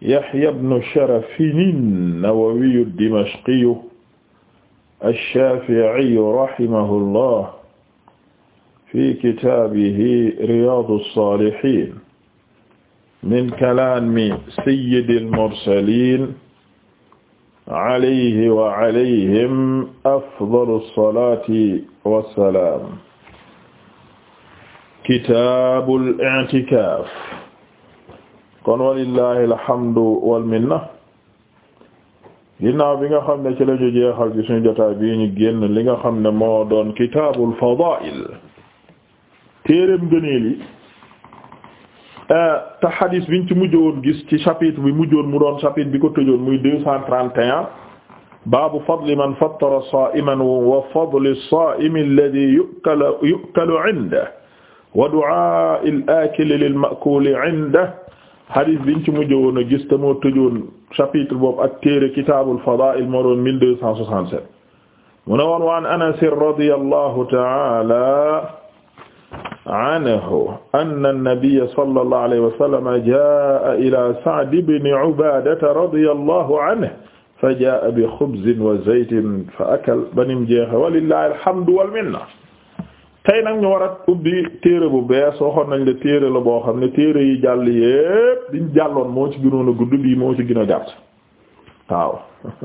Yahya ibn Sharafin an-Nawawi ad-Dimashqi ash-Shafi'i rahimahullah fi kitaabihi Riyaadu as-Saalihiin min kalaami sayyidil mursaliin alayhi wa alayhim afdalu as-salaati was-salaam kitaabul i'tikaaf kon walillahi alhamdu wal minna ginnaaw bi nga xam ne ci la ñu jeexal ci suñu jotaay bii ñu génn li nga xam ne moo doon kitaabul fadaa'il téereem gëneel yi euh, te xadis biñ ci mujjoon gis ci chapitre bi mujjoon mu doon chapitre bi ko tëjoon muy deux cent trente et un baabu fadli man fattara saa'iman wa fadli saa'imi alladhi yu'kalu yu'kalu 'indahu wa du'aa'i al-aakili lil-ma'kuuli 'indahu hadith biñ ci mujj woon a gis te moo tëjoon chapitre boobu ak téere kitaabul fadaa'il moo doon 1267 mu ne woon waan Anas radiyallahu ta'ala anhu anna nabiyya sallallahu alayhi wa sallam jaa'a ila Sa'd ibn Ubaadata radiyallahu anhu fa jaa'a bi khubzin wa zaytin fa akala ba nim jeexee walillahi alhamdu wal minna tey nag ñu war a ubbi téere bu bees waxoon nañ la téere la boo xam ne téere yi jàll yépp diñ jàlloon moo ci gënoon a gudd bii moo ci gën a gàtt waaw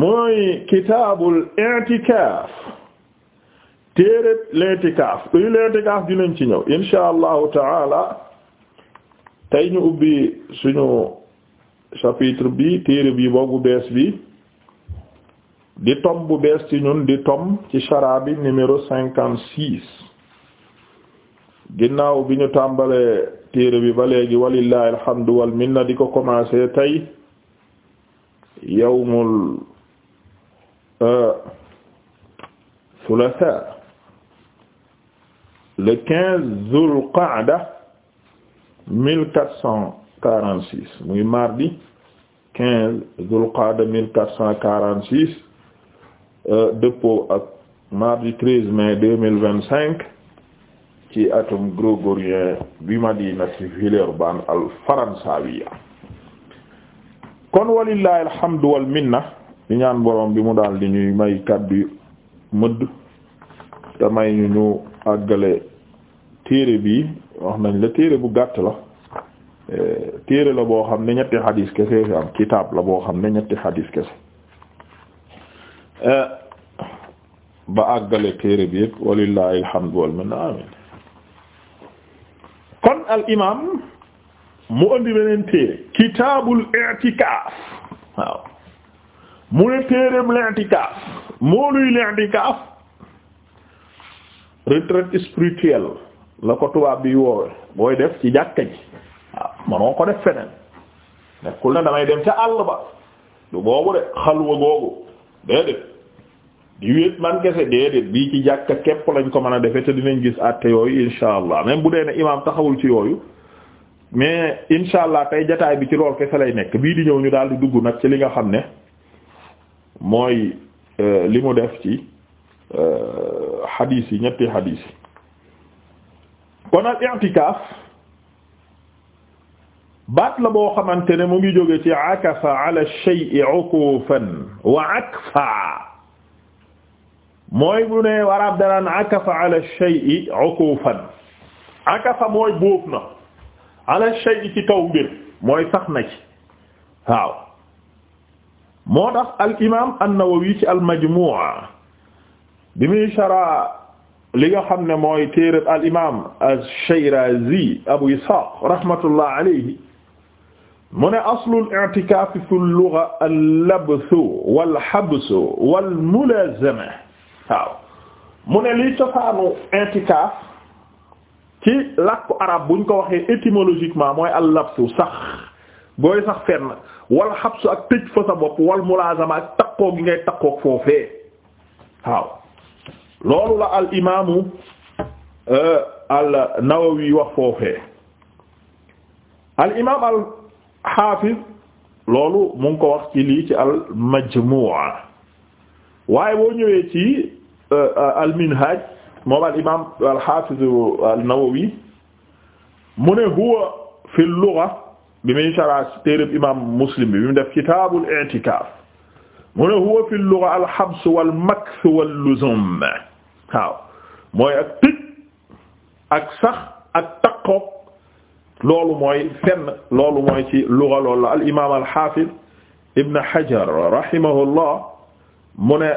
mooy kitaabul i'tikaaf téere l'itikaaf luy l'itikaaf dinañ ci ñëw insha allahu taala tey ñu ubbi suñu chapitre bi téere bi boobu bees bi di tom bu bees ci ñun di tom ci chara bi numéro cinquante six ginnaaw bi ñu tàmbalee téere bi ba léegi walillahi alhamdu wal di ko commencé tey yawmul euh, thulatha le quinze Dhul Qa'da mille quatre cent quarante six muy mardi quinze Dhul Qa'da mille quatre cent quarante six Euh, dëppoo ak mardi 13 mai 2025 ci atum grégorien bi madinati Villeurbanne al faransawiya kon walillahi alhamdu wal minna di ñaan borom bi mu daal di ñuy may kàdd mëdd te may ñu ñu àggale téere bi wax nañ la téere bu gàtt la euh, téere la boo xam ne ñetti xadiis kese fi kitaab la boo xam ne ñetti xadiis kese Eh, ba àggale téere bi yëpp walillahi alhamdu wal minna amin kon al imam mu andi beneen téere kitaabul i'tikaaf mu ne téereem l'intikaaf moo luy l'intikaaf retraite spirituelle la ko tubaab bi woowe booy def ci jàkka ji waaw manoo ko def feneen nekkul na damay dem ca àll ba du boobu de xalwa googu déedéet di wéet man kese déedéet bii ci jàkka képp lañ ko mën a defe te dinañ gis àtte yooyu insha allah même bu dee ne imaam taxawul ci yooyu mais insha allah tey jataay bi ci lool kese lay nekk bii di ñëw ñu daal di dugg nag ci li nga xam ne mooy euh, li mu def ci xadiis euh, yi ñetti xadiis yi kon al i'tikaaf baat la boo xamante ne mu ngi jóge ci akafa ala shay'i ukufan wa akfa mooy bu ne waraab danaan akafa ala shay'i ukufan akafa mooy bóof na ala shay'i ci kaw mbir mooy sax na ci waaw moo tax al imaam an-Nawawi ci al majmu'a bi muy shara li nga xam ne mooy téeréb al imaam ash-Shirazi Abu Ishaq rahmatullah alayhi mu ne aslul i'tikaafi fi lugha al-labthu wal-habsu wal-mulaazama waaw mu ne liy cosaanu i'tikaaf ci làkku arab buñ ko waxee étymologiquement mooy al sax booy sax fenn wal-habsu ak tëj fa sa bopp wal-mulaazama ak takkoo gi ngay takkoo foofee waaw loolu la al imaamu euh, al-Nawawi wax foofee al imaam al al loolu mu ngi ko wax ci lii ci al-Majmu'a waaye ñëwee ci euh, al-Minhaj moom al-imam al-Hafiz an-Nawawi mu ne huwa fi al-lugha bi muy sharh téereb imam Muslim bi mu def kitaabul i'tikaaf mu ne huwa fi al-lugha al-habs wal-makth wal-luzum mooy ak tëj ak sax ak taqoog loolu mooy fenn loolu mooy ci luga loolu la al imaam Hajar rahimahullah mu ne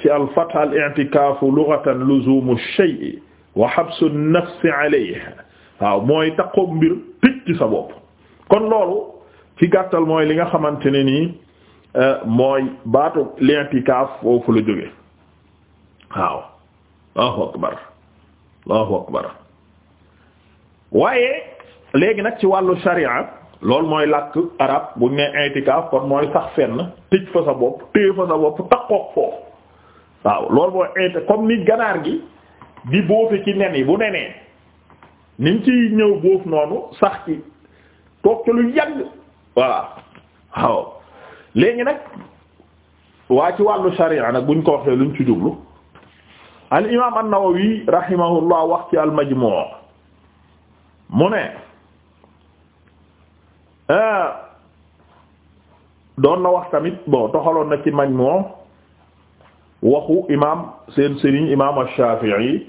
ci al fath al i'tikaaf lugatan luzumu shay'i wa habsu nafsi alayhi waaw mooy taqoo mbir tëj ci sa kon loolu ci gàttal mooy li nga xamante ne nii euh, mooy baatu l'intikaaf foofu la jóge waaw Allahu léegi nag ci wàllu sharia loolu mooy làkk arab bu ñu nee intikaaf kon mooy sax fenn tëj fa sa bopp téye fa sa bopp takkook foofu waaw loolu mooy inti comme ni ganaar gi di bóofe ci nen yi bu nenee niñ ci ñëw bóof noonu sax ci toog ci lu yàgg voilà waaw léegi nag waa ci wàllu sharia nag buñ ko waxee luñ ci jublu al imaam an-Nawawi rahimahullah wax ci al majmu' mu ne Ah. doon na wax tamit bon toxaloon na ci Majmu' waxu imaam seen sëriñ imaam Ash-Shafi'i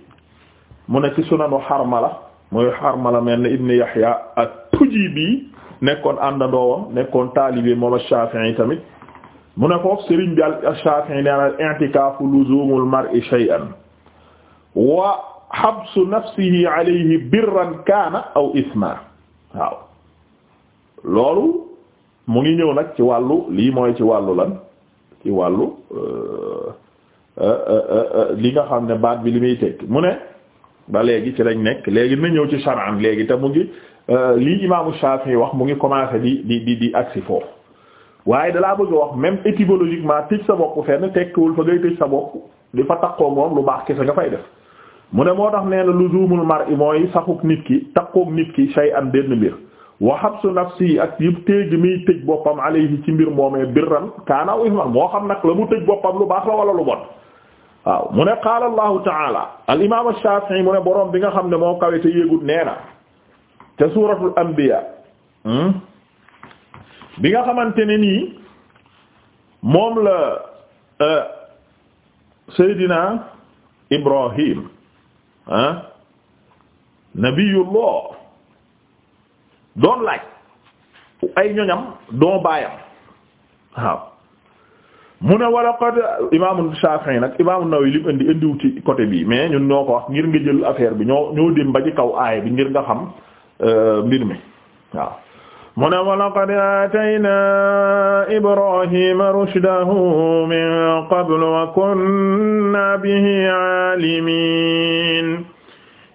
mu ne ci sunanu Harmala mooy Harmala mel ne Ibn Yahya at-Tujibi nekkoon àndandoowam nekkoon taalibe moom ash tamit mu ne ko sëriñ bi Ash-Shafi'i nee na i'tikaafu mar'i shay'an wa habsu nafsihi alayhi kaana aw isma loolu mu ngi ñëw nag ci wàllu lii mooy ci wàllu lan ci wàllu euh, euh, euh, li nga xam ne baat bi li muy tekk mu ne ba léegi ci lañ nekk léegi na ñëw ci shar'an léegi te mu ngi lii imaamu Shafi'i wax mu ngi commencé di di di di agsi foofu waaye dalaa bëgg a wax même étymologiquement tëj sa bopp fenn tekkiwul fa ngay tëj sa bopp di fa takkoo moom lu baax kese nga fay def mu ne moo tax nee na lu zuumul mar i mooy saxuk nit ki takkook nit ki am benn mbir wa habsu nafsi ak yëpp téeg miy tëj boppam alayhi ci mbir moomee birran kaana aw isman moo xam nag la mu tëj boppam lu baax la wala lu bon waaw mu ne qaala allahu taala al imam ash-shafi'i mu ne boroom bi nga xam ne moo kawe te yéegut nee na te suratul anbiya hmm? bi nga xamante ne nii moom la euh, seydina ibrahim ah nabiyullah doon laaj ay ñoñam doo baayam waaw mu ne wala qad imaamu Shafi'i nag imaamu Nawawi lim indi indiwu ci bii mais ñun ñoo ko wax ngir nga jël affaire bi ñoo ñoo dem ba kaw aaya bi ngir nga xam euh, mbir mi waaw mu ne wala qad aatayna Ibrahima rushdahu min qablu wa kunna bihi aalimin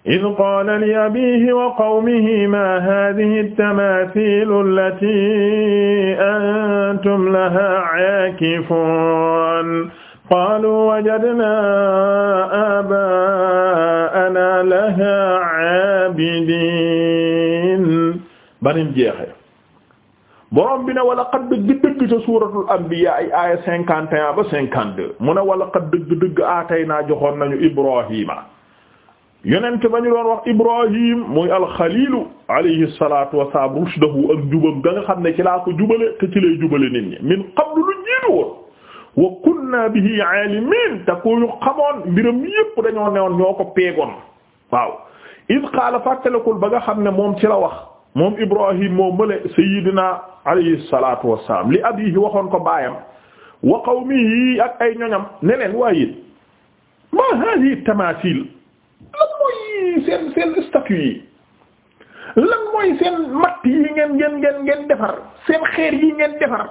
إذ قال لأبيه وقومه ما هذه التماثيل التي أنتم لها عاكفون قالوا وجدنا آباءنا لها عابدين banim jeexe borom bi ne wala xat dëgg-dëgg ca suuratul anbiya ay aaya cinquante et un ba cinquante deux mu ne wala xat dëgg-dëgg aatay naa joxoon nañu Ibrahima yonent ba ñu doon wax Ibrahim muy alxalilu alayhi salatu wasalaam rushdahu ak jubam ga xam ne ci laako ko jubale te ci lay jubale nit ñi min qablu lu jiitu wa kunna bihi aalimin te ku ñu xamoon mbiram yépp dañoo newoon ñoo ko peegoon waaw id qaala fàttalikul ba nga xam ne moom ci la wax moom Ibrahim moo mële sayidina alayhi salatu wasalaam li abihi waxoon ko baayam wa qawmihi ak ay ñoñam ne leen waaye it ma hadihi mooy seen seen statut yi lan mooy seen matt yi ngeen ngeen ngeen ngeen defar seen xeer yi ngeen defar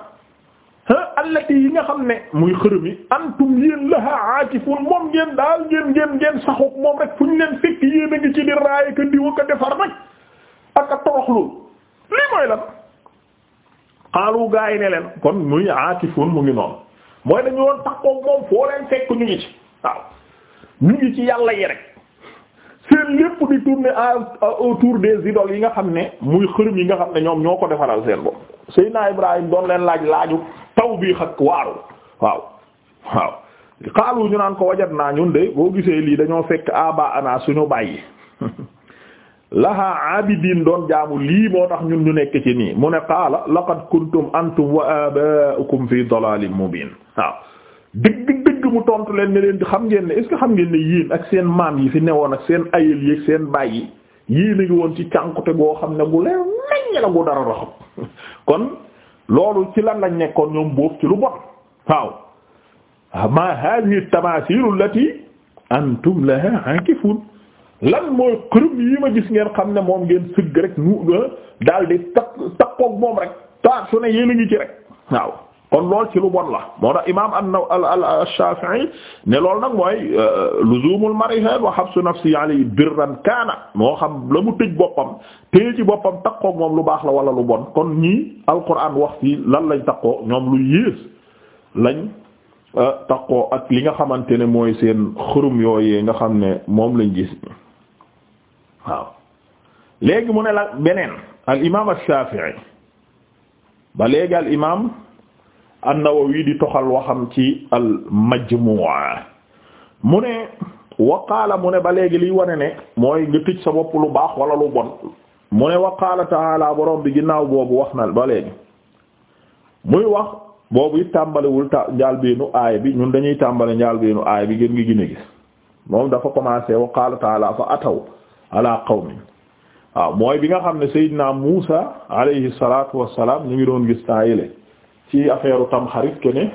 allati yi nga xam ne muy xërëm yi antum yéen laha aakifun moom ngeen daal ngeen ngeen ngeen saxuk moom rek fu ñu leen fekk yéen ngi ci di raaya ka diwa ka defar nag ak a toroxlu lii mooy lan xaalu gaa yi ne leen kon muy aakifun mu ngi noonu mooy dañu woon taxaw moom foo leen fekk ñu ngi ci waaw ñu ngi ci yàlla yi rek seen lépp di tourner autour des idoles yi nga xam ne muy xërëm yi nga xam ne ñoom ñoo ko defaral seen bopp Seydina Ibrahim doon leen laaj laaju taw bii xak waaru waaw waaw xaalu ñu naan ko wajat naa ñun de boo gisee lii dañoo fekk aba ana suñu bàyyi laha abidin doon jaamu lii moo tax ñun ñu nekk ci nii mu ne qaala laqad kuntum antum wa aba'ukum fi dalalin mubin waaw dëgg dëgg ngir mu tontu leen ne leen di xam ngeen ne est-ce que xam ngeen ne yéen ak seen maam yi fi newoon ak seen ayel yi seen baay yi yéen a ngi woon ci cànkute goo xam ne gu leen naññ la gu dara raxam kon loolu ci lan lañ nekkoon ñoom boobu ci lu bon waaw ma hadhihi tamasilu allati antum laha ankifun lan mooy xërëm yi ma gis ngeen xam ne moom ngeen sëgg rek nu daal di takk takkook moom rek taa su ne yéen a ngi ci rek waaw kon lool ci lu bon la moo tax imaam al al al Shafi'i ne loolu nag mooy euh, luzumul marihat wa habsu nafsi ali birran kaana moo xam la mu tëj boppam téye ci boppam takkoog moom lu baax la wala lu bon kon ñii alquran wax ci lan lañ takkoo ñoom lu yées lañ euh, takkoo ak li nga xamante ne mooy seen xërum yooyee nga xam ne moom lañ gis waaw léegi mu ne la beneen al imaam al Shafi'i ba léegi al imaam. an wii di toxal waxam ci al-Majmuu' mu ne waqaala mu ne ba léegi liy wane ne mooy nga tëj sa bopp lu baax wala lu bon mu ne waqaala ta'aala borom bi ginnaaw boobu wax na ba léegi muy wax boobu it tàmbaliwul ta njaalbeenu aay bi ñun dañuy tàmbali tàmbale njaalbeenu aay bi gën ngi gën gis moom dafa commencé waqaala ta'aala fa ataw ala qawmin waaw mooy bi nga xam ne Seydina Muusa alayhi salaatu wassalaam ñu ngi doon gis taayile ci affaire tamxarit ke ne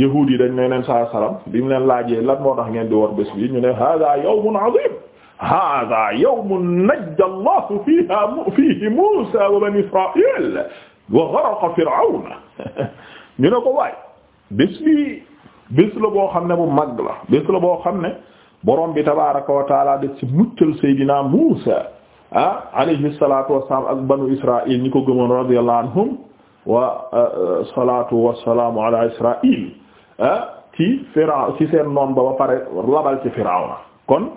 yahuud dañ ne neen saa salaam bi mu leen laajee lan moo tax ngeen di war bés bi ñu ne hada yawmun azim hada yawmun najja allahu fiha fihi musa wa bani israil wa gharaqa fir'aun ñu ne ko waay bés bi bés la boo xam ne bu mag la bés la boo xam ne borom bi tabaraka wa taala da ci muccal seydina musa ah alayhi salatu wassalam ak banu israil ñi ko gëmoon radiyallahu anhum wa euh, euh, salaatu wa salaamu ala israil ah ci firaw ci seen noon ba ba pare labal ci firaw na kon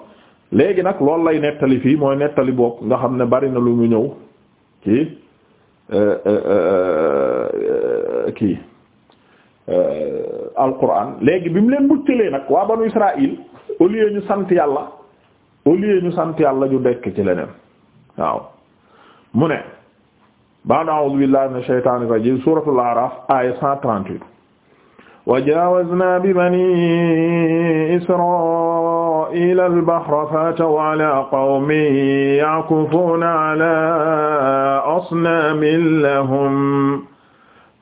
léegi nag loolu lay nettali fii mooy nettali boobu nga xam ne bari na lu mu ñëw ci euh, kii alquran léegi bi mu leen muccalee nag waa banu israil au lieu ñu sant yàlla au lieu ñu sant yàlla ju dekk ci leneen waaw mu ne ba'da a'uuzu billahi mina shaytaani rajiim suuratul a'raaf aaya 138 wa jaawaznaa bi banii israa'iila al-bahra fataw alaa qawmin ya'kufuuna alaa asnaamin lahum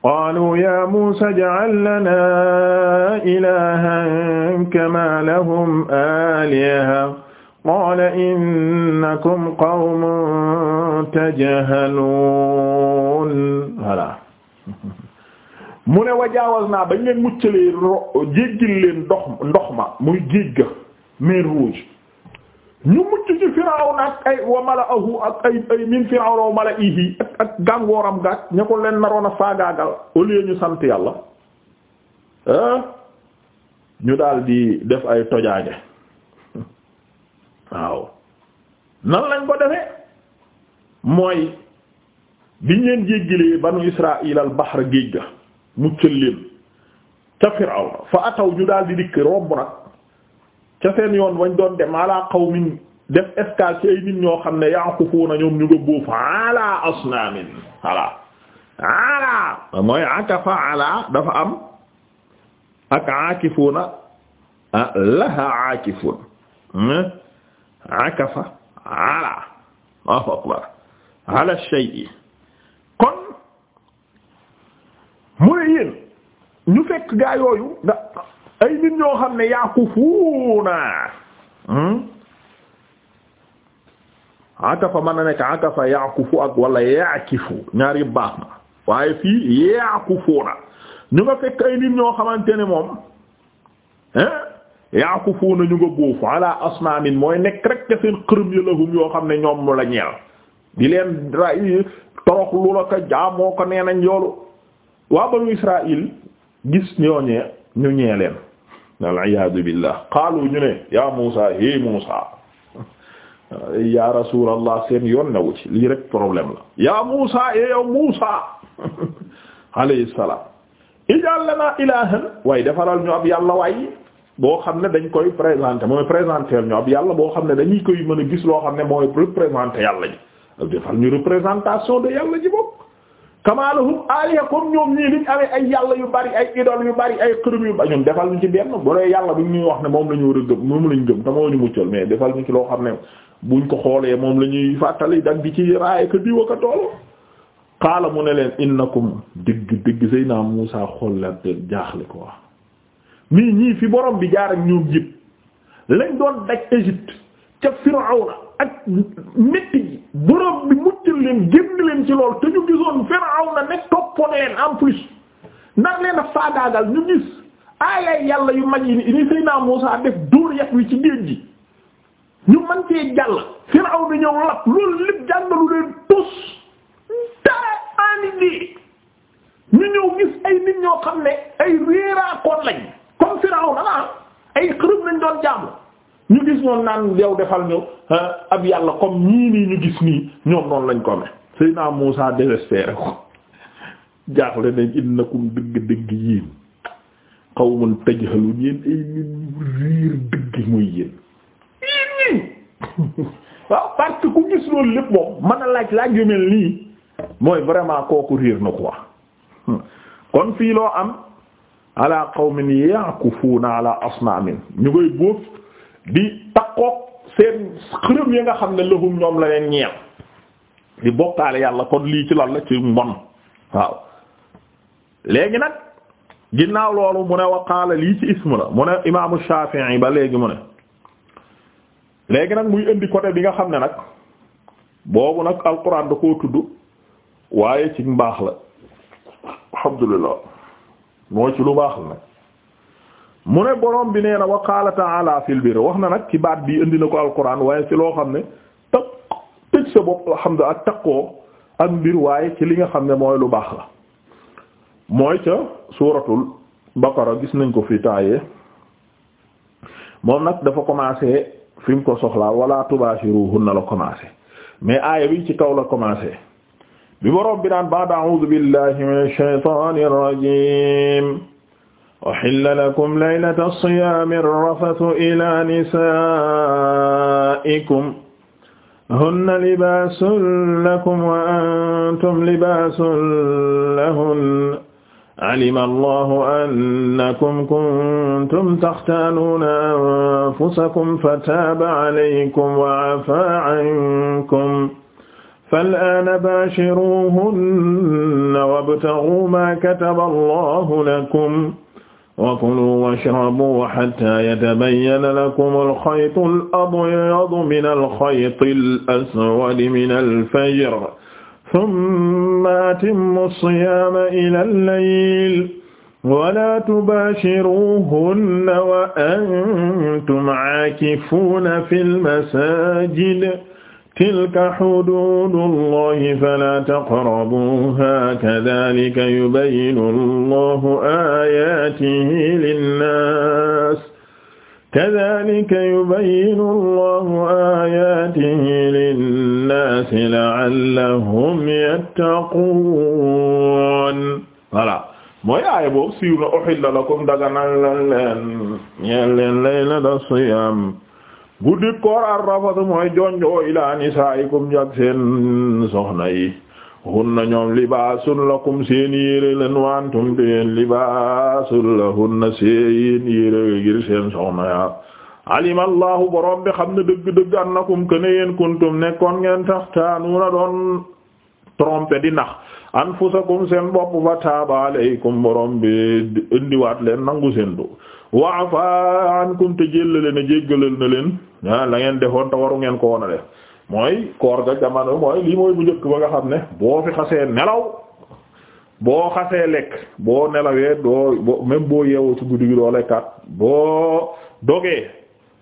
qaaluu yaa Muusaa ij'al lanaa ilaahan kamaa lahum aalihatun qaala innakum qawmun tajhaluun voilà mu ne wa jaawaznaa bañ leen muccalee jéggil leen ndox ndox ma muy géej ga mer ñu mucc ci Firawna ak ay wa mala'ahu ak ay ay min Firawna wa mala'ihi ak ak gàngooram gaak ña leen naroon a faagaagal au ñu sant yàlla ñu daal di def ay tojaange waaw nan lañ ko defee mooy biñ leen jéggalee banu Israaïl al bahr géej ga muccal leen ca Firawna fa ataw ñu daal di dikk romb nag ca seen yoon wañ doon dem xaw qawmin def escale ci ay nit ñoo xam ne yaqufuna ñoom ñu nga bóof ala asnaamin ala ala mooy akafa ala dafa am ak aakifuna ah, laha aakifun hmm? akafa ala Allahu akbar ala shay'i kon mu ne yéen ñu fekk gaa yooyu nga ay nit ñoo xam ne yaakufuuna hmm? akafa mën na nekk akafa yaakufu ak wala yaakifu ñaar yëpp baax na waaye fii yaakufuuna ñu nga fekk ay nit ñoo xamante ne moom hein yaakufuuna ñu nga bóof ala asnaamin mooy nekk rek seen xërëm lahum yoo xam ne ñoom la ñeel di leen ray torox lu la ko jaamoo ko nee nañ yoolu waa banu israil gis ñooñee ñu ñee leen wal iyaadu billah qaalu ñu ne ya Muusa hé Muusa ya rasulallah seen yoon newu ci lii rek problème la ya Muusa é yow Muusa alayhi salaam ij'al ilaahan waaye defaral ñu ab yàlla waay boo xam ne dañ koy présenter mooy présenter ñu ab yàlla boo xam ne dañuy koy mën a gis loo xam ne mooy représenter yàlla ji defal ñu représentation de yàlla ji bopp kamalahum aliha comme ñoom ñii liñ amee ay yàlla yu bari ay idole yu bari ay xërëm yu bari defal ñu ci benn bu dee yàlla bi ñuy wax ne moom la ñu war a gëm moom la ñu gëm te moo ñu muccal mais defal ñu ci loo xam ne buñ ko xoolee moom la ñuy fàttali dag bi ci raaye ka diwa ka tool xaala mu ne leen innakum digg digg Seydina Muusaa xool la jaaxle ko wax mii ñii fi boroom bi jaar ak ñoom jib lañ doon daj Égypte ca Firawna ak métti gi borom bi muccal leen génn ci lool te ñu gisoon Firawna ne toppoon leen en plus nar leen a faagaagal ñu gis aayay yàlla yu mag yi ni Seydina Muusaa def dóor yàq wi ci géej gi ñu man cee jàll Firawna ñëw lap loolu lépp jàngalu leen tus dara anit yi ñu ñëw gis ay nit ñoo xam ne ab jaam ñu gis noonu naan yow defal ñu ah, ab yàlla comme ñii nii ñu gis nii ñoom noonu lañ ko amee. Seydina Muusaa désespéré ko jaaxle nañ innakum dëgg dëgg yéen qawmun tajhaluun yéen ay nit riir dëgg mooy yéen. yéen ñii waaw parce que ku gis loolu lépp moom mën a laaj laaj yu mel nii mooy vraiment kooku riir na quoi hmm. kon fii loo am. ala qawmin ya'kufuuna ala asnaamin ñu koy bóof di takkook seen xërëm yi nga xam ne lahum ñoom la leen ñeel di bokkaale yàlla kon lii ci lan la ci mbon waaw léegi nag ginnaaw loolu mu ne waqaala lii ci ismu la mu ne imaamu Shaafi'i ba léegi mu ne léegi nag muy indi côté bi nga xam ne nag boobu nag alquran da koo tudd waaye ci baax la alhamdulillah moo ci lu baax la nag mu ne borom bi nee na wa qaala ta'ala fil wax na nag ci baat bi indi na ko alquran waaye ci loo xam ne taq tëj sa bopp alhamdulilah ak taqoo ak mbir waaye ci li nga xam ne mooy lu baax la mooy ca suuratul baqara gis nañ ko fi taayee moom nag dafa commencé fi ko soxlaa wala na la commencé mais aaya bi ci kaw la commencé bi boroom bi naan ba'da a'uudu billahi minash shaytaanir rajiim uhilla lakum laylata siyaamir rafathu ilaa nisaa'ikum hunna libaasun lakum wa antum libaasun lahunna alima allahu annakum kuntum taxtaanuuna anfusakum fataaba alaykum wa afaa ankum فالآن باشروهن وابتغوا ما كتب الله لكم وكلوا واشربوا حتى يتبين لكم الخيط الأبيض من الخيط الأسود من الفجر ثم أتموا الصيام إلى الليل ولا تباشروهن وأنتم عاكفون في المساجد tilka xuduudullahi fala taqrabuha kadalika yubayyinu allahu ayatihi linnas kadalika yubayyinu allahu ayatihi linnas la'allahum yattaquun voilà mooy aaya boobu siiw na uhilla lakum daganal leen ñeel leen laylata siyaam guddi koor ar-rafatu mooy jonjoo ilaa nisaa'ikum jak seen soxna yi hunna ñoom libaasun lakum seen yére len wa antum teen libaasun lahunna seen yére ngir seen soxna ya alima borom bi xam ne dëgg-dëgg annakum kene yeen kuntum nekkoon ngeen taxtaanuuna doon trompe di nax anfusakum seen bopp fa taaba alaykum borom bi indiwaat leen nangu seen do wa afa ankum te jëllale na jéggalal na leen ah la ngeen defoon te waru ngeen ko woon a def mooy koor ga jamono mooy lii mooy bu njëkk ba nga xam ne boo fi xasee nelaw boo xasee lekk boo nelawee doo boo yeewoo ci guddi gi doo boo dogee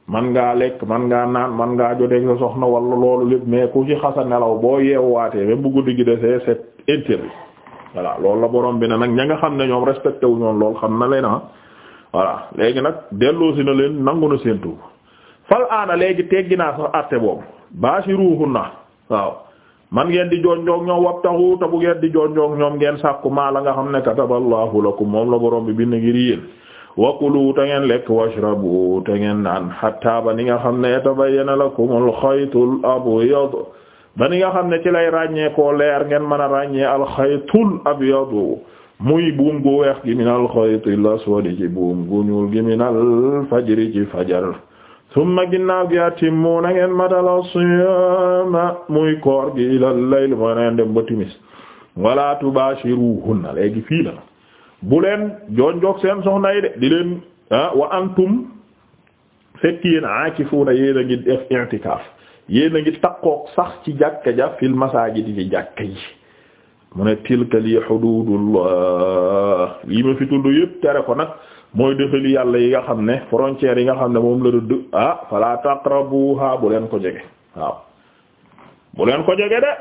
man ngaa lekk man ngaa naan man ngaa joteeg sa soxna wala loolu lépp mais ku ci xasa nelaw boo yeewuwaatee même bu guddi gi desee c'est interdit voilà loolu la borom bi na nag ña nga xam ne ñoom respecté wu ñoom lool xam na leen ah voilà léegi nag delloosi na leen nangu na seen tuub fal aana léegi teggi naa sax àtte boobu baashiruhunna waaw man ngeen di jonjoog ñoom wabtahu ta bu ngeen di jonjoog ñoom ngeen sàkku maa la nga xam ne kataballahu lakum moom la borom bi bind ngir yéen wakulu te ngeen lekk washrabu te ngeen naan hatta ba ni nga xam ne yatabayyana lakumul xaytul abyad ba ni nga xam ne ci lay ràññee koo leer ngeen mën a ràññee alxaytul abyad muy buum gu weex gi minal xaytil aswadi ci buum gu ñuul gi minal summa ginnaaw gi atimmu na ngeen matal as-siyaama muy koor gi ilal layl mooy na ngeen dem ba timis wala tubaashiruhunna léegi fii la bu leen jonjoog seen soxna yi de di leen wa antum fekk yéen aakifuuna yéen a ngi def i'tikaaf yéen a ngi takkook sax ci jàkka ja fil masaajid ci jàkka yi mu ne tilka li huduudullah lii fi tudd yépp tere ko nag mooy dëxali yàlla yi nga xam ne frontières yi nga xam ne moom la rëdd ah fala taqrabuha bu leen ko jege waaw bu leen ko jege de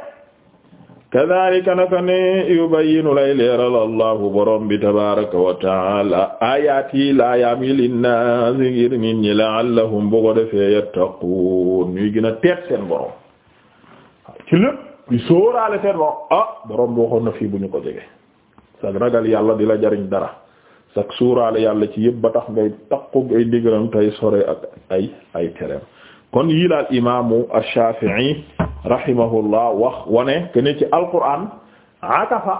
kadhalika naka ne yubayyinu lay leeral allahu borom bi tabaraka wa taala ayati laayaam yi linnaas ngir nit ñi la'allahum bu defee yattaqun ñuy gën a teet seen borom ci lépp di sóoraale seen borom ah borom bi waxoon na bu ñu ko jege sa ragal yàlla di jariñ dara sag suuraale yàlla ci yëpp ba tax ngay takku ay digalam tay sore ak ay ay tereem kon yii laal imaamu ash-Shafi'i rahimahullah wax wane que ci alquran atafa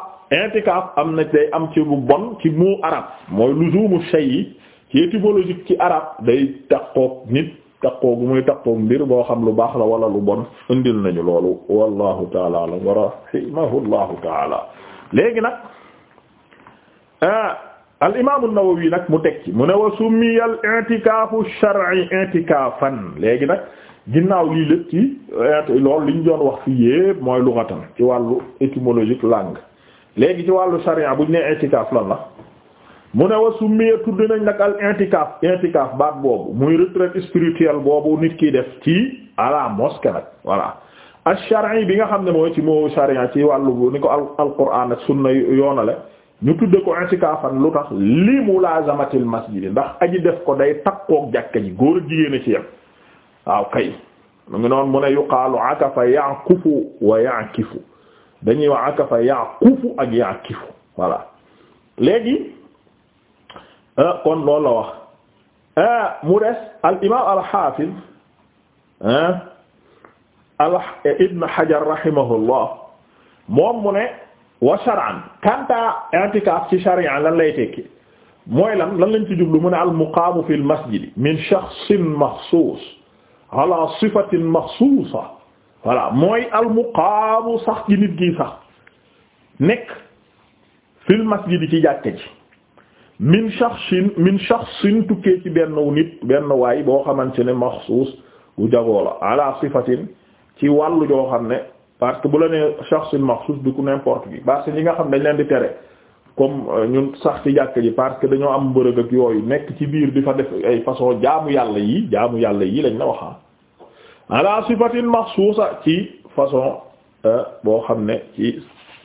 am na day am ci bu ci mu arab mooy ci étymologique ci arab day takkook nit takkook muy takkook mbir boo xam lu baax la wala lu bon indil nañu loolu wallahu taala alam wa rahimahullahu taala léegi nag ah, al imaamu wii nag mu teg ci mu ne wa summiya al i'tikaafu shar'i i'tikaafan léegi nag ginnaaw lii lépp ci eh, loolu li ñu doon wax fii yépp mooy lughatan ci wàllu étymologique langue léegi ci wàllu sharia buñ ne nee i'tikaaf lan la mu ne wa summiya tudd nañ nag al i'tikaaf i'tikaaf baat boobu muy retraite spirituelle boobu nit ki def ci à la mosquée nag voilà al shar'i bi nga xam ne mooy ci moo sharia ci wàllu ni ko al al quraan ak sunna yoonale ñu tudde ko intikaafan lu tax li mulaazamatil masjid ndax aji def ko day takkook jàkka ji góor jigéen a ci yam waaw kay mu ngi mu ne yuqaalu akafa yaqufu wa yaqifu dañuy wax akafa yaqufu ak yaqifu voilà léegi euh, kon loolu la wax euh, mu des al imaam al xaafiz al ibn Hajar rahimahullah moom mu ne wa shar'an kanta i'tikaf ci sharia lan lay tekki mooy lan lan lañ ci jublu mu ne al muqaamu fi l masjidi min shakhsin maxsuus ala sifatin maxsuusa voilà mooy al sax gi nit gi sax nekk fi l masjidi ci jàkka ji min shakhsin min shakhsin tukkee ci benn nit benn waay boo xamante ne maxsuus bu jagoo la ala sifatin ci wàllu joo xam ne parce que bu la nee shakhsul maxsus du ku n'importe qui parce que ñi nga xam dañ leen di tere comme euh, ñun sax ci jàkk ji parce que dañoo am bërëg ak yooyu nekk ci biir di fa def ay façon jaamu yàlla yi jaamu yàlla yi lañ la waxaa ah. ala sifatin maxsuusa ci façon euh, boo xam ne ci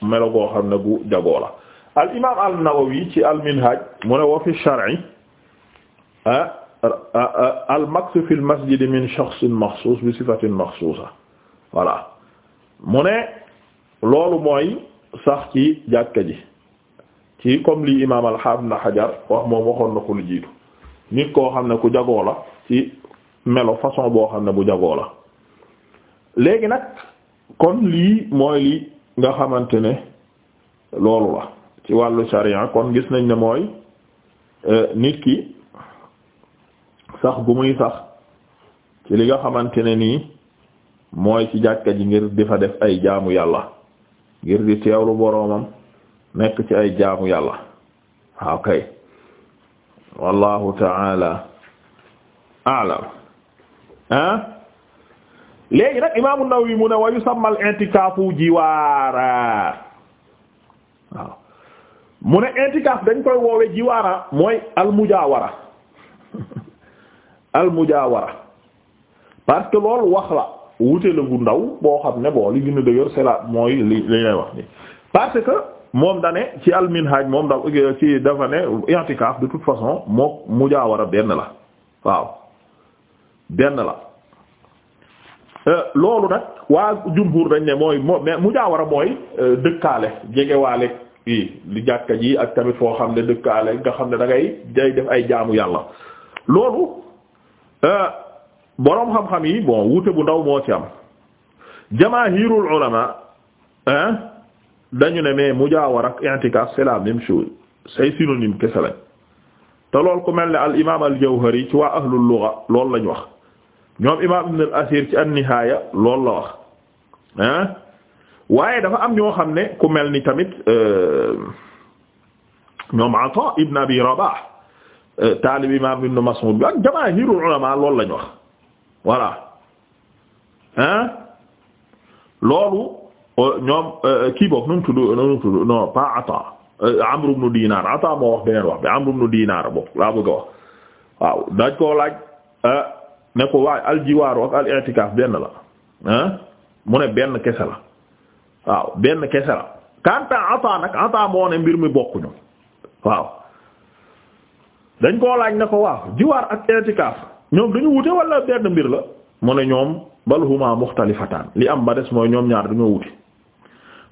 melo goo xam ne gu jagoo la al imaam al nawawi ci al minhaj mu ne wa fi shar'i euh, al maks fi al masjid min shakhsin maxsuus bi sifatin maxsuusa voilà mu ne loolu mooy sax ci jàkka ji ci comme li imaam alxaam na xajar wax moom waxoon na ko lu jiitu nit koo xam ne ku jagoo la ci melo façon boo xam ne bu jagoo la léegi nag kon lii mooy li nga xamante ne loolu la ci wàllu sharia kon gis nañ ne mooy e, nit ki sax gu muy sax ci li nga xamante ne nii mooy ci jàkka ji ngir di fa def ay jaamu yàlla ngir di teewlu boroomam nekk ci ay jaamu yàlla waaw kay wallahu taala a'lam ah léegi nag imaamu Nawawi mu ne wa yusammal intikaafu jiwaara mu ne intikaaf dañ koy woowe jiwaara mooy almujaawara almujaawara parce que loolu wax wute la bu ndaw boo xam ne bon li gën a dëgër c'est la mooy li li lay wax ni parce que moom dane ci alminhaj moom da ci dafa ne i'tikaf de toute façon moo mujaawara benn la waaw benn la euh, loolu nag waa jumhur dañ ne mooy moo mais mujaawara mooy euh, dëkkaale jegewaale yi li jàkka ji ak tamit foo xam ne dëkkaale nga xam ne dangay day def ay jaamu yàlla loolu euh, boroom xam-xam yi bon wuute bu ndaw moo ci am jamaahirul ulama hein dañu ne mais mujaawara ak i'tikaaf c'est la même chose say synonyme kese lañ te lool ku mel ni al imaam al jawhari ci waa ahlul lugha loolu lañ wax ñoom imaam ibn al asir ci an-nihaaya loolu la wax hein waaye dafa am ñoo xam ne ku mel ni tamit euh, ñoom Ata ibn Abi Rabah euh, taalib imaam ibn Mas'ud bi ak jamaahirul ulama loolu wax voilà hein loolu euh, ñoom euh, kii boobu nu mu tudd nu mu tudd non pas Ata euh, Amr ibn moo wax beneen wax bi Amr ibn Dinar boobu laa bëgg a wax waaw daaj koo laaj ne ko waaye aljiwaaru ak al i'tikaaf benn la ah mu ne benn kese la waaw benn kese la kanta Ata nag Ata moo ne mbir mi bokkuñu waaw dañ koo laaj ne ko waaw jiwaar ak i'tikaaf ñoom dañu wute wala benn mbir la mu ne ñoom bal huma muxtalifataan li am ba des mooy ñoom ñaar dañoo wute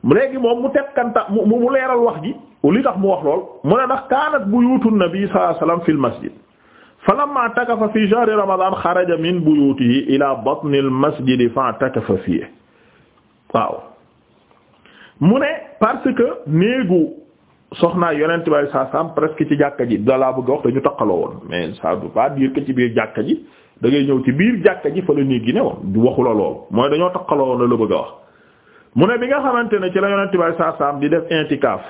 léegi moom mu tekkanta mu mu leeral wax gi li tax mu wax lool mu ne ndax kaanat buyuutu nabi sallallahu alayhi wasallam fil masjid falamma takafa fi shahri ramadan xaraja min buyutihi ila batni al masjid fa takafa fihi waaw mu ne parce que néegu soxnaa yonent bay saa saam presque ci jàkka ji dalaa bëgg a wax dañu takkaloo woon mais ça veut pas dire que ci biir jàkka ji da ngay ñëw ci biir jàkka ji fa la néeg gi ne woon waxu la loolu mooy dañoo takkaloo woon la la bëgg wax mu ne bi nga xamante ne ci la yonent bay saa saam di def intikaaf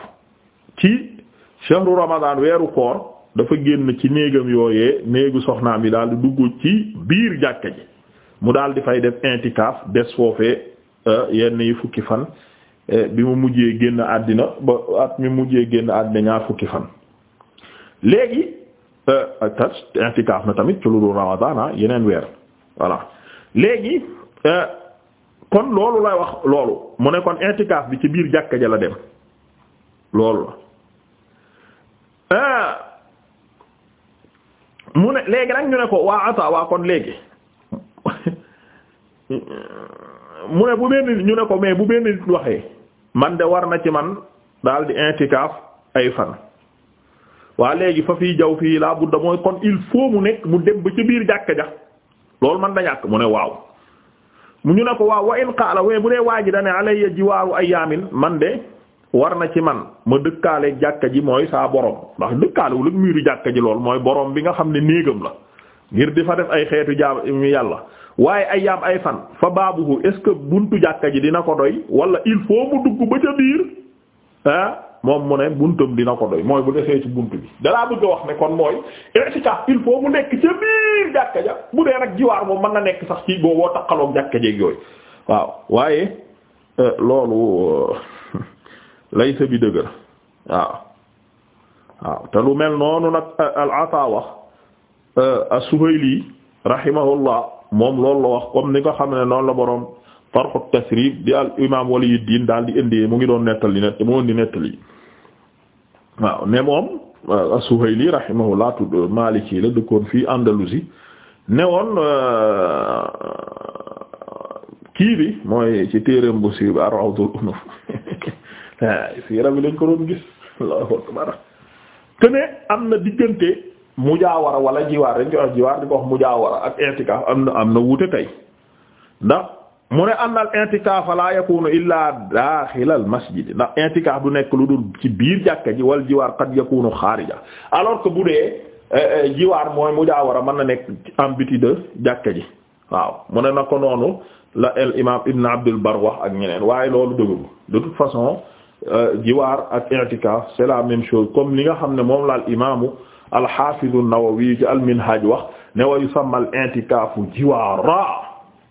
ci shahru ramadan weeru koor dafa génn ci néegam yooyee néegu soxnaam yi daal di dugg ci biir jàkka ji mu daal di fay def intikaaf des foofee euh, yenn yi fukki fan Eh, bi mu mujjee génn àddina ba at mi mujjee génn àddina ñaar fukki fan léegi eh, tat intikaaf na tamit ci lu dul ramadaan ah, yeneen weer voilà léegi eh, kon loolu lay wax loolu mu ne kon intikaaf bi ci biir jàkka ja la dem loolu la mu ne léegi nag ñu ne ko waa ata waa kon léegi mu ne bu benn ñu ne ko mais bu benn nit waxee man de war na ci man daal di intikaaf ay fan waa léegi fa fii jaw fii laa budda mooy kon il faut mu nekk mu dem ba ci biir jàkka ja loolu man da ñàkk mu ne waaw mu ñu ne ko waaw wa in qaala waaye bu dee waa ji dane alayya jiwaaru ayaamin man de war na ci man ma dëkkaale jàkka ji mooy saa borom ndax dëkkaalewul ak miiru jàkka ji lool mooy boroom bi nga xam ne néegam la ngir di fa def ay xeetu jaam yàlla waaye ay yaam ay fan fa baabuhu est ce buntu jàkka ji dina ko doy wala il faut mu dugg ba ca biir ah moom mu ne buntam dina ko doy mooy bu defee ci buntu bi dalaa bëgg a wax ne kon mooy i'tikaf il faut mu nekk ca biir jàkka ja bu dee nag jiwaar moom mën na nekk sax ci booboo taqaloog jàkka jeeg yooyu waaw waaye euh, loolu euh, lay sa bi dëgër waaw waaw te lu mel noonu nag euh, al-Ata wax suhayli rahimahullah moom loolu la wax comme ni nga xam ne noonu la boroom tarxu tasrib di al imam Waliyuddin daal di indi mu ngi doon nettali ne moo indi nettali waaw ne moom euh, as-Suhayli rahimahullah tudd Maliki la dëkkoon fii Andalousie ne woon euh, kii bi mooy ci téereem bu siiw bi ar-Rawdul Unuf siira lañ ko doon gis te ne am na diggante mujaawara wala jiwaar dañ koy wax jiwaar di ko wax mujaawara ak i'tikaaf am na am na wuute kay ndax mu ne anna al i'tikaaf la yakunu illa daaxila al masjid ndax i'tikaaf du nekk lu dul ci biir jàkka ji wal jiwaar qad yakunu xaarija alors que bu dee eh, eh, jiwaar mooy mujaawara mën na nekk am biti de jàkka ji waaw mu ne na ko noonu la el imaam ibn abdul bar ak ñeneen waaye loolu dëggu de toute façon eh, jiwaar ak i'tikaaf c'est la même chose comme li nga xam ne moom la al imaamu alxaafizu nawawi ci alminhaj wax ne wa yusamma al i'tikaafu jiwaara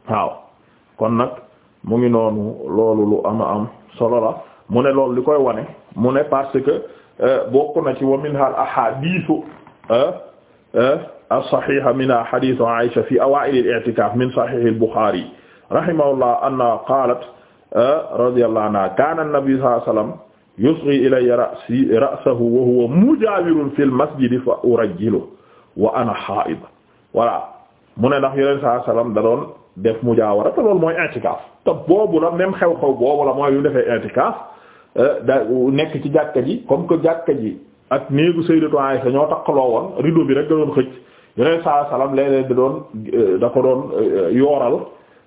waaw kon nag mu ngi noonu loolu lu ama am solo la mu ne loolu li koy wane mu ne parce que euh, bokk na ci wa minha al ahadiisu euh, euh, as-saxiixa minha hadiisu Aysa fi awaa'il al-i'tikaaf min saxiix al-Buxaari rahimahullah anna qaalat radiyallahu anha kaana an-nabiyyu sallallahu alayhi wa sallam yusghi ilayya ra'si ra'sahu wa huwa mujaawirun fil masjidi fa urajjilu wa ana haa'id voilà mu ne ndax yeneen saa salaam da doon def mujaawara te loolu mooy i'tikaaf te boobu la même xew-xew boobu la mooy yu defee i'tikaaf euh, da nekk ci jàkka ji comme que jàkka ji ak néegu Sayyidatu Aisha ñoo takkaloo woon rideau bi rek da doon xëcc yeneen saa salaam léeg da doon euh, da ko doon euh, yooral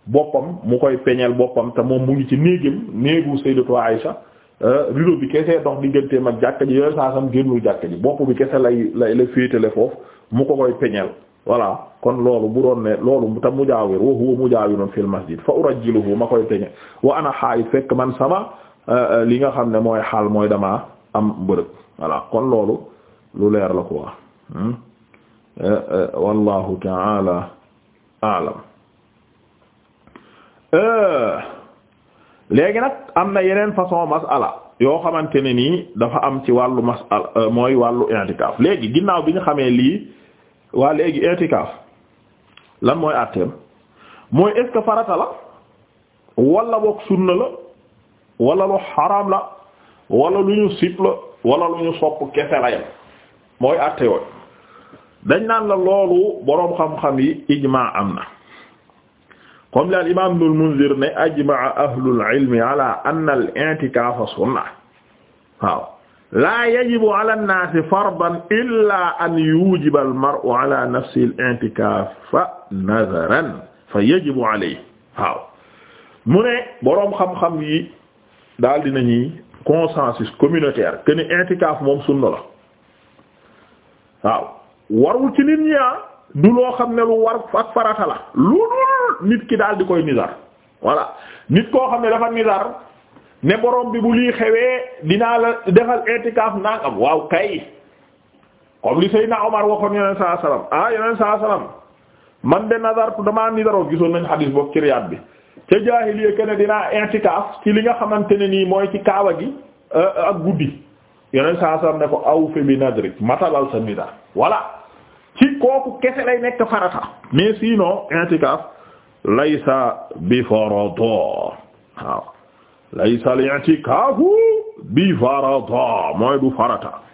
boppam mu koy peñeel boppam te moom mu ngi ci néegam néegu Sayyidatu Aisha Euh, rido bi kese dox digganteem ak jàkka ji yooyu saa sam génnul jàkka ji bopp bi kese lay lay la féetale foofu mu ko koy peñeel voilà kon loolu bu doon ne loolu tam mujaawir wa huwa mujaawirun fil masjid fa urajjiluhu ma koy peñe wa ana xaayit fekk man sama euh, euh, li nga xam ne mooy xaal mooy dama am mbërëg voilà kon loolu lu leer la quoi hmm? wallahu taala alam léegi nag am na yeneen façon masala yoo xamante ne nii dafa am ci wàllu masala euh, mooy wàllu i'tikaaf léegi ginnaaw bi ñu xamee lii waa léegi i'tikaaf lan mooy àtteem mooy est farata la wala boog sunna la wala lu xaraam la wala lu ñu sib la wala lu ñu sopp kese la yam mooy àtte yooyu dañ naan la loolu boroom xam-xam yi ijmaa am na comme la imam Ibnul Munzir ne ajmaa ahlul ilmi ala anna al i'tikaafa sunna waaw laa yajibu ala an-naasi fardan illaa an yujiba al mar'u ala nafsihi al i'tikaafa nadaran fa yajibu alayhi waaw mu ne boroom xam-xam yi daal dinañuy consensus communautaire que ni i'tikaaf moom sunna la waaw warul ci nit ñi ah. du loo xam ne lu war ak farata la lu dul nit ki daal di koy nizar voilà nit koo xam ne dafa nizar ne borom bi bu lii xewee dinaa la defal itikaaf nangam waaw kay comme li Seydina Omar waxoon yeneen saa salaam ah yeneen saa salaam man de nazartu damaa nizaroon gisoon nañ xadiis boobu ci bi ca jaahiliya kenn dinaa itikaaf ci li nga xamante ne nii mooy ci kaawa gi euh, ak guddi yeneen saa salaam ne ko awfi bi nadrik matalal sa nizar voilà. ci kooku kese nekk farata mais sinon i'tikaf laysa bi farata waaw laysa farata